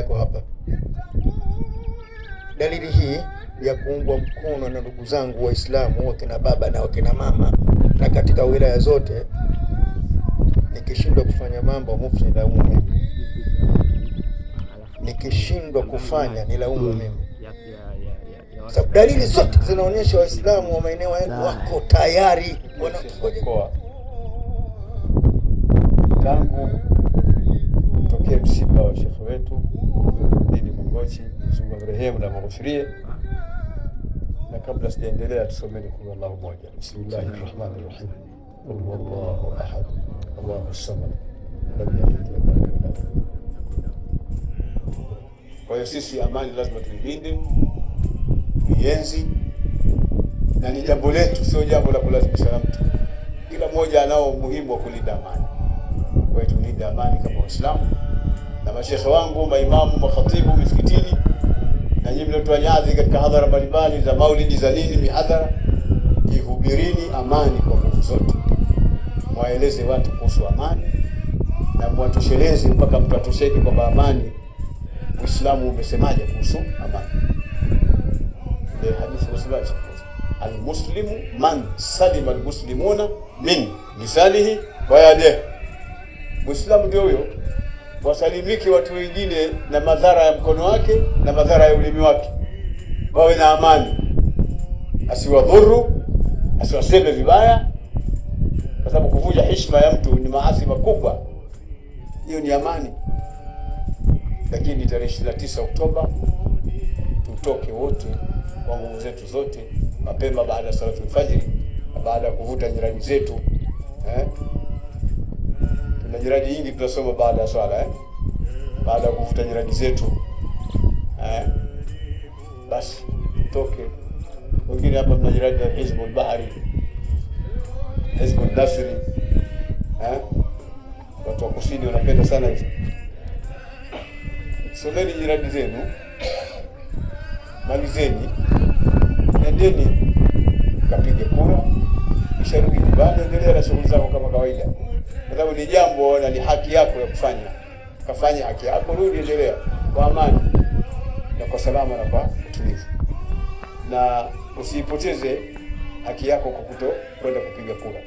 yako hapa. Dalili hii ya kuungwa mkono na ndugu zangu Waislamu wakina baba na wakina mama na katika wilaya zote, nikishindwa kufanya mambo mufti laumu mimi, nikishindwa kufanya ni laumu hmm. mimi. Sababu dalili zote zinaonyesha Waislamu wa maeneo yetu wako tayari wanakoa tangu tokee msiba wa shekhe wetu dini Mungochi, Mungu amrehemu na maghfirie. Na kabla sijaendelea, tusomeni kwa Allahu moja. Bismillahir Rahim. Allahu ahad. Allahu samad. Lam yalid wa yulad. Kwa hiyo sisi amani lazima tuilinde, tuienzi, na ni jambo letu, sio jambo la kulazimisha mtu. Kila mmoja anao umuhimu wa kulinda amani. Kwa hiyo tulinde amani kama Waislamu na mashehe wangu maimamu, makhatibu misikitini na nyinyi mliotoa nyadhi katika hadhara mbalimbali za maulidi za nini, mihadhara, ihubirini amani kwa nguvu zote, mwaeleze watu kuhusu amani na mwatosheleze mpaka mtatosheke kwamba amani, Uislamu umesemaje kuhusu amani? Ndio hadithi wasibati almuslimu man salima almuslimuna min lisanihi wa yadihi, muislamu ndio huyo wasalimike watu wengine na madhara ya mkono wake na madhara ya ulimi wake, wawe na amani, asiwadhuru, asiwaseme vibaya, kwa sababu kuvunja heshima ya mtu ni maasi makubwa. Hiyo ni amani. Lakini tarehe 29 Oktoba tutoke wote kwa nguvu zetu zote mapema, baada ya salatu alfajiri na baada ya kuvuta jirani zetu eh? na nyiradi nyingi tutasoma baada ya swala eh? Baada ya kuvuta nyiradi zetu eh? Basi toke wengine hapa, mna nyiradi ya Hizbul Bahari, Hizbul Nasri eh? Watu wa kusini wanapenda sana hizo. Someni nyiradi zenu, malizeni, nendeni kapige kura kisharudi nyumbani, endelea na shughuli zako kama kawaida, kwa sababu ni jambo na ni haki yako ya kufanya. Kafanya haki yako, rudi, endelea kwa amani na kwa salama na kwa utulivu, na usiipoteze haki yako kwa kuto kwenda kupiga kura.